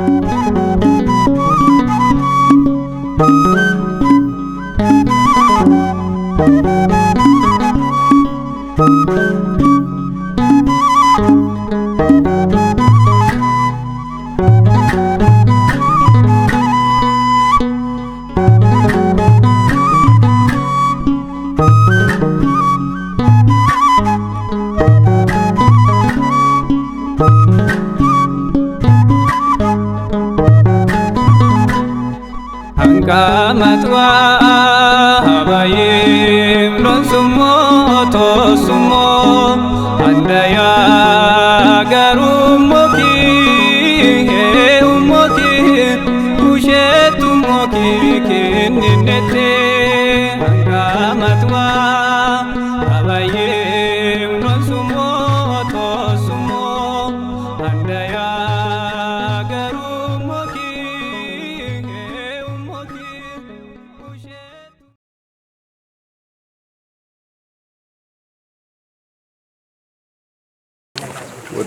thank you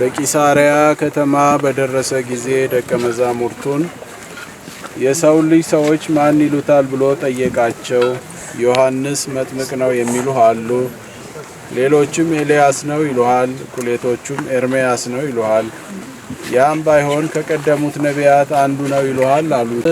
በቂሳሪያ ከተማ በደረሰ ጊዜ ደቀ መዛሙርቱን የሰው ልጅ ሰዎች ማን ይሉታል ብሎ ጠየቃቸው። ዮሐንስ መጥምቅ ነው የሚሉህ አሉ፣ ሌሎችም ኤልያስ ነው ይሉሃል፣ ኩሌቶቹም ኤርምያስ ነው ይሉሃል፣ ያም ባይሆን ከቀደሙት ነቢያት አንዱ ነው ይሉሃል አሉት።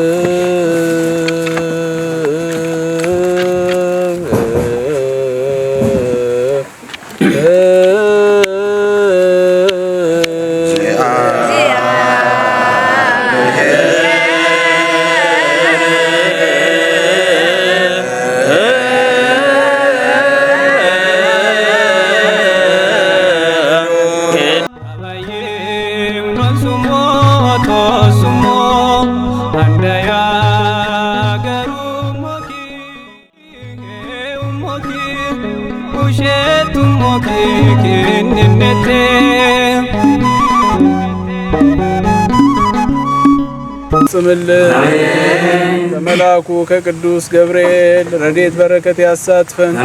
ይፈጽምልን። ከመልአኩ ከቅዱስ ገብርኤል ረድኤት በረከት ያሳትፈን።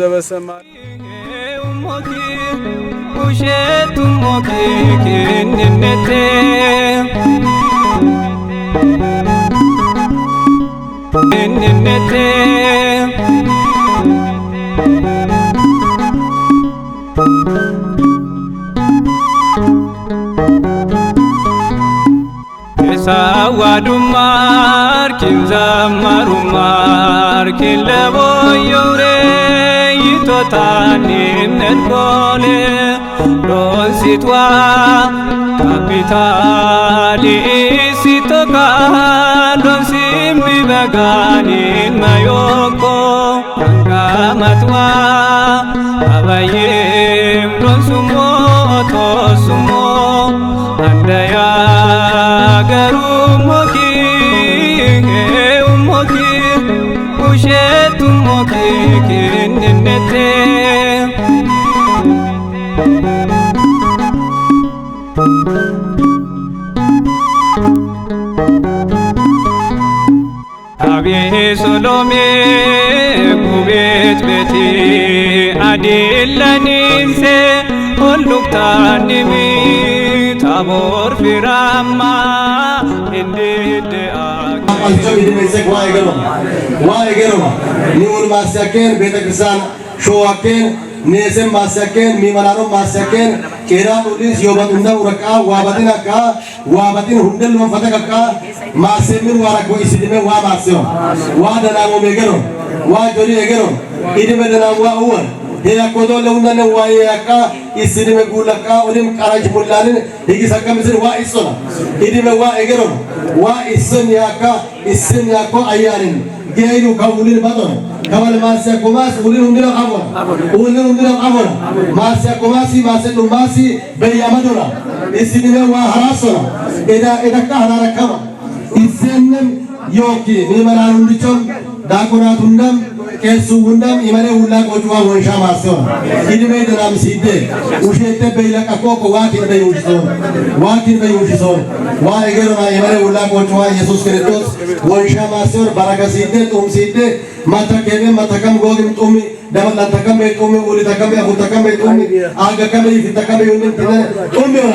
ዘበሰማይ ሳዋዱማር ኪም ዘማሩማር ኪለቦዮሬ ይቶታኒም ነንቆሌ ዶንሲትዋ ካፒታሊ ሲቶካ ዶንሲም ቢበጋኒን መዮቆ አንጋማትዋ አባይም ዶንሱሞ ቶሱሞ ሎሜ ጉቤት ቤቲ አዲለኒምሴ ሆሉክታድሚ ታቦር ፊራማ እንድድአ አልተቢድመይሰቅ ዋይ ገሮ ዋይ ገሮ ይሁን ማስያኬን ቤተክርስቲያን ሾዋኬን ኔስም ማሰከን ሚመናኑ ማሰከን ቄራ ኑዲስ ዮበቱና ወረቃ ዋበቲን አካ ዋበቲን ሁንደል መንፈተከካ ማሰሚን ዋራኮ ኢስድሜ ዋ ማሰዮ ዋ ደናሞ ሜገኖ ዋ ጆሪ ኤገኖ ኢድሜ ደናሞ ዋ ኡወ ሄያኮቶ ለውነነ ዋዬ ያቃ ኢስድሜ ጉለቃ ኦዲም ቀራጅ ሙላንን ሂጊሰቀምስን ዋ ኢሶና ኢድሜ ዋ ኤገኖ ዋ ኢስን ያካ ኢስን ያኮ አያንን ጌይኑ ከውልን በጦነ kama maasi ya kumasi ulinundira kabona ulinundira kabona maasi ya kumasi maasi numbasi bei ya madura isinime wa harasona eda eda kahanara kama isenem yoki nimaranundicon dakunatundam ቄሱ ጉንደም ይመኔ ውላ ቆጅዋ ወንሻ ማሰው ኢድሜ ደናም ሲደ ውሸተ በይለቀቆ ዋኪን በይውሽሶ ዋኪን በይውሽሶ ዋ እገርማ ይመኔ ውላ ቆጅዋ ኢየሱስ ክርስቶስ ወንሻ ማሰው ባረከ ሲደ ጡም ሲደ ማተከበ ማተከም ጎግም ጡም ደመላ ተከም ጡም ውል ተከም ያቡ ተከም ጡም አገ ከም ይፍ ተከም ይሁን ተነ ጡም ይራ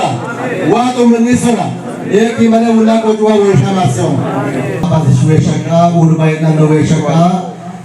ዋ ጡም ንሰራ एक ही मैंने उल्ला को जुआ वेशा मास्या हूँ वेशा का उर्माइना नवेशा का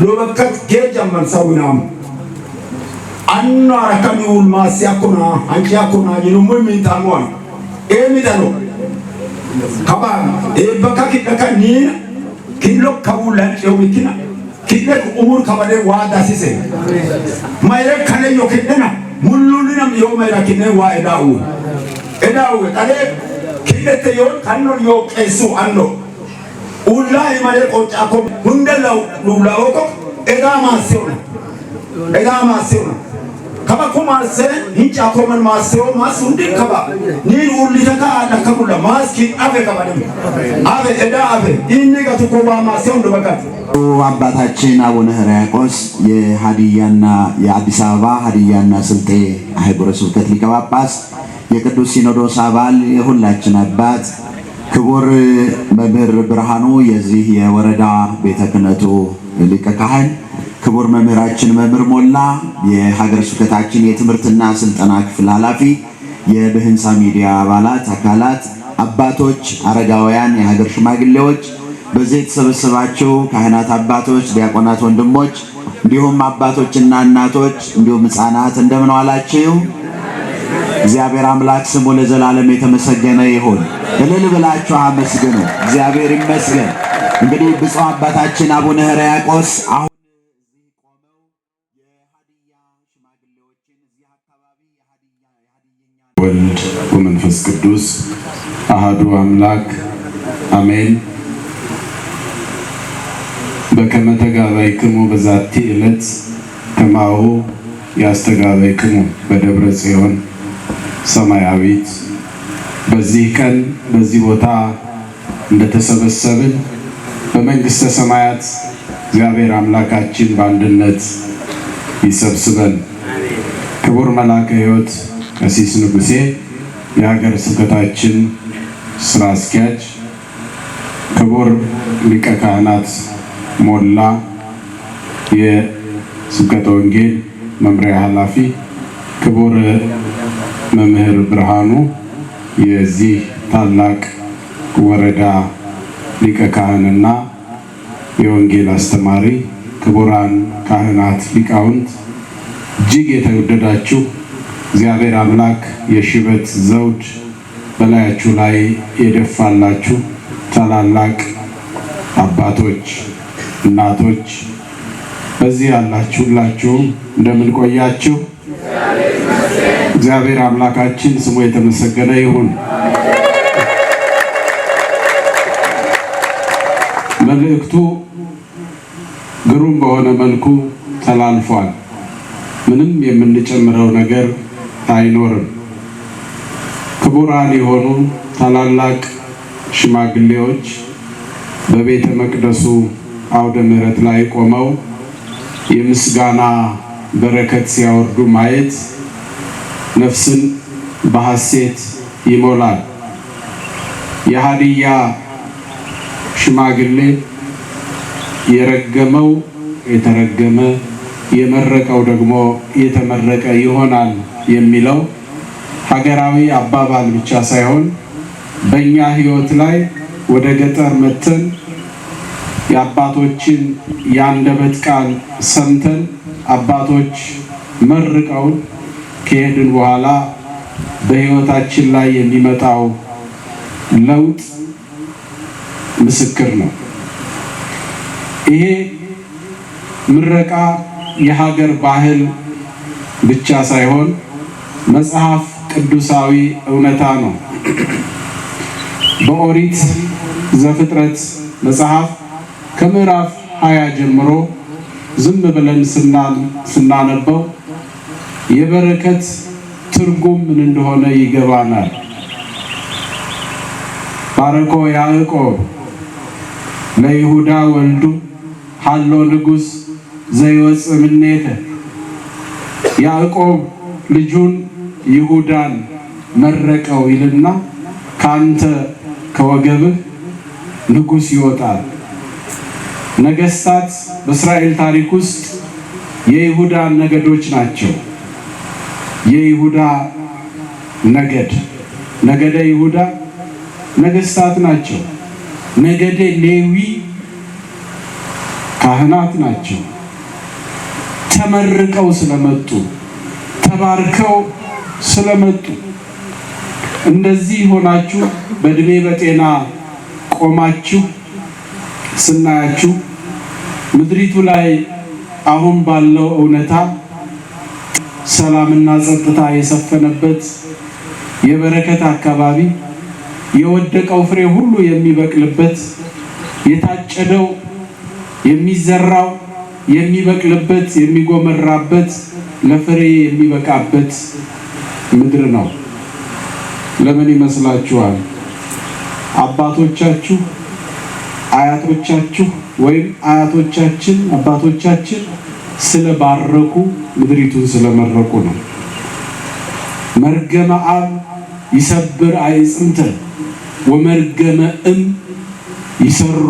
lobakat geejamman sawinaam anno arakami dano kaba e baka ki baka ni ki lok kidhaka ki kidlo kawulan ki kidhe umur kabade wa dasise mayre kale yo kidhena mullulinam yo mayra kidhe wa edaawu edaawu kale kidhete yo kanno yo qeessu anno ሁላ የማለ ቆጫኮ ሁንደላው ሉላወቆ ኤዳ ማሴው ነው ኤዳ ማሴው ነው ከበኩ ማሰ ሂንጫኮ መን ማሴው ማስ ሁንዲ ከባ ኒን ሁሊተካ አዳከሙላ ማስኪ አበ ከባደ አበ ኤዳ አበ ኢኒ ኮባ ማሴው ነው በቃ አባታችን አቡነ ሕርያቆስ የሀዲያና የአዲስ አበባ ሀዲያና ስልጤ አህጉረ ስብከት ሊቀ ጳጳስ የቅዱስ ሲኖዶስ አባል የሁላችን አባት ክቡር መምህር ብርሃኑ የዚህ የወረዳ ቤተ ክህነቱ ሊቀ ካህን፣ ክቡር መምህራችን መምህር ሞላ የሀገረ ስብከታችን የትምህርትና ስልጠና ክፍል ኃላፊ፣ የብህንሳ ሚዲያ አባላት አካላት፣ አባቶች፣ አረጋውያን፣ የሀገር ሽማግሌዎች፣ በዚህ የተሰበሰባችሁ ካህናት አባቶች፣ ዲያቆናት ወንድሞች፣ እንዲሁም አባቶችና እናቶች እንዲሁም ህፃናት እንደምን ዋላችሁ? እግዚአብሔር አምላክ ስሙ ለዘላለም የተመሰገነ ይሁን። እልል ብላችሁ አመስግኑ። እግዚአብሔር ይመስገን። እንግዲህ ብፁዕ አባታችን አቡነ ሕርያቆስ አሁን እዚህ ቆመው የሀዲያ ሽማግሌዎችን እዚህ አካባቢ ወልድ ወመንፈስ ቅዱስ አሃዱ አምላክ አሜን። በከመ ክሙ በዛቲ ዕለት ከማሁ ክሙ በደብረ ጽዮን ሰማያዊት በዚህ ቀን በዚህ ቦታ እንደተሰበሰብን በመንግሥተ ሰማያት እግዚአብሔር አምላካችን በአንድነት ይሰብስበን። ክቡር መልአከ ሕይወት ቀሲስ ንጉሴ የሀገር ስብከታችን ስራ አስኪያጅ፣ ክቡር ሊቀ ካህናት ሞላ የስብከተ ወንጌል መምሪያ ኃላፊ፣ ክቡር መምህር ብርሃኑ የዚህ ታላቅ ወረዳ ሊቀ ካህንና የወንጌል አስተማሪ፣ ክቡራን ካህናት፣ ሊቃውንት፣ እጅግ የተወደዳችሁ እግዚአብሔር አምላክ የሽበት ዘውድ በላያችሁ ላይ የደፋላችሁ ታላላቅ አባቶች፣ እናቶች በዚህ ያላችሁላችሁም እንደምን ቆያችሁ? እግዚአብሔር አምላካችን ስሙ የተመሰገነ ይሁን። መልእክቱ ግሩም በሆነ መልኩ ተላልፏል። ምንም የምንጨምረው ነገር አይኖርም። ክቡራን የሆኑ ታላላቅ ሽማግሌዎች በቤተ መቅደሱ አውደ ምሕረት ላይ ቆመው የምስጋና በረከት ሲያወርዱ ማየት ነፍስን በሐሴት ይሞላል። የሀዲያ ሽማግሌ የረገመው የተረገመ የመረቀው ደግሞ የተመረቀ ይሆናል የሚለው ሀገራዊ አባባል ብቻ ሳይሆን በእኛ ሕይወት ላይ ወደ ገጠር መተን የአባቶችን የአንደበት ቃል ሰምተን አባቶች መርቀውን ከሄድን በኋላ በህይወታችን ላይ የሚመጣው ለውጥ ምስክር ነው። ይሄ ምረቃ የሀገር ባህል ብቻ ሳይሆን መጽሐፍ ቅዱሳዊ እውነታ ነው። በኦሪት ዘፍጥረት መጽሐፍ ከምዕራፍ ሀያ ጀምሮ ዝም ብለን ስናነበው የበረከት ትርጉም ምን እንደሆነ ይገባናል። ባረኮ ያዕቆብ ለይሁዳ ወልዱ ሀሎ ንጉሥ ዘይወፅ ምኔተ ያዕቆብ ልጁን ይሁዳን መረቀው ይልና ካንተ ከወገብህ ንጉሥ ይወጣል። ነገሥታት በእስራኤል ታሪክ ውስጥ የይሁዳ ነገዶች ናቸው። የይሁዳ ነገድ ነገደ ይሁዳ ነገስታት ናቸው። ነገደ ሌዊ ካህናት ናቸው። ተመርቀው ስለመጡ ተባርከው ስለመጡ እንደዚህ ሆናችሁ በእድሜ በጤና ቆማችሁ ስናያችሁ ምድሪቱ ላይ አሁን ባለው እውነታ ሰላምና ጸጥታ የሰፈነበት የበረከት አካባቢ የወደቀው ፍሬ ሁሉ የሚበቅልበት የታጨደው የሚዘራው የሚበቅልበት የሚጎመራበት ለፍሬ የሚበቃበት ምድር ነው። ለምን ይመስላችኋል? አባቶቻችሁ አያቶቻችሁ ወይም አያቶቻችን አባቶቻችን ስለባረኩ ምድሪቱን ስለመረቁ ነው። መርገመ አብ ይሰብር አዕፅምተ ወመርገመ እም ይሰሩ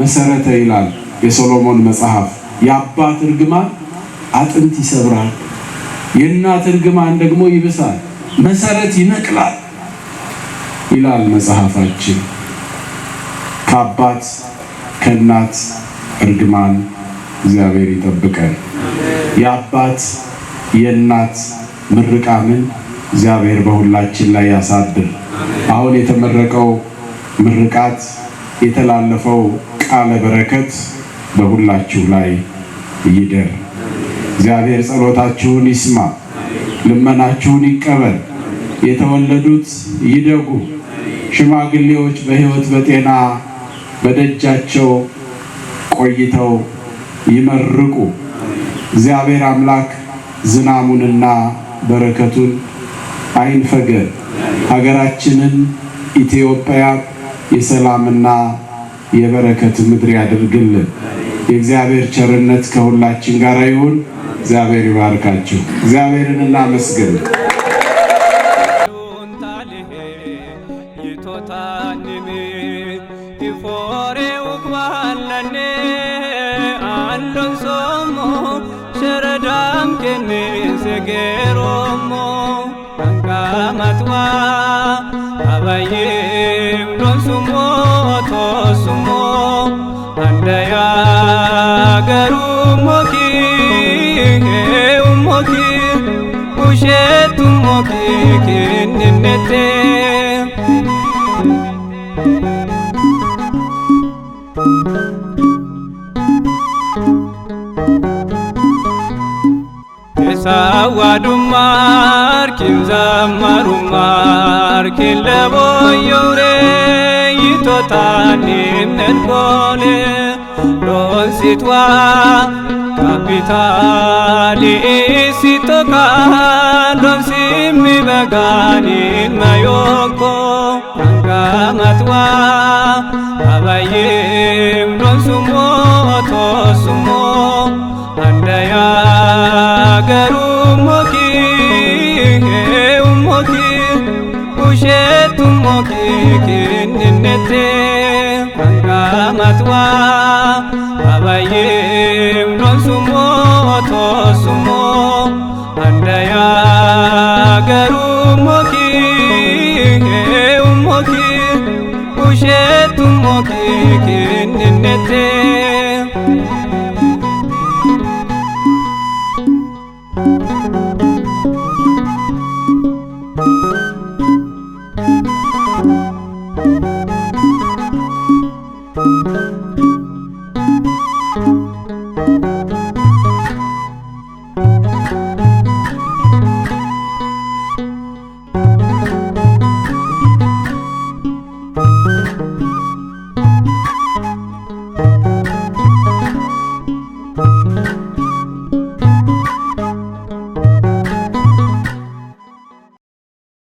መሰረተ ይላል የሶሎሞን መጽሐፍ። የአባት እርግማን አጥንት ይሰብራል፣ የእናት እርግማን ደግሞ ይብሳል፣ መሰረት ይነቅላል ይላል መጽሐፋችን። ከአባት ከእናት እርግማን እግዚአብሔር ይጠብቀን። የአባት የእናት ምርቃምን እግዚአብሔር በሁላችን ላይ ያሳድር። አሁን የተመረቀው ምርቃት የተላለፈው ቃለ በረከት በሁላችሁ ላይ ይደር። እግዚአብሔር ጸሎታችሁን ይስማ፣ ልመናችሁን ይቀበል። የተወለዱት ይደጉ፣ ሽማግሌዎች በሕይወት በጤና በደጃቸው ቆይተው ይመርቁ። እግዚአብሔር አምላክ ዝናሙንና በረከቱን አይንፈገ። ሀገራችንን ኢትዮጵያ የሰላምና የበረከት ምድር ያድርግልን። የእግዚአብሔር ቸርነት ከሁላችን ጋር ይሁን። እግዚአብሔር ይባርካችሁ። እግዚአብሔርን እናመስግን። ነገር ሞኪ ሞኪ ውሸቱ ሞኪ ክንነቴ ሳዋ ዱማር ኪለቦ ዮሬ ይቶታኒ ነድቦሌ ሴቷ ካፒታል ሲቶካ ዶምሲሚ በጋኒን መዮኮ አንጋማትዋ አባዬም ዶምሱሞ ቶሱሞ አንደያ ገሩ ሞኪ ሄው ሞኪ ውሸቱ ሞኪ ክንነቴ Thank you.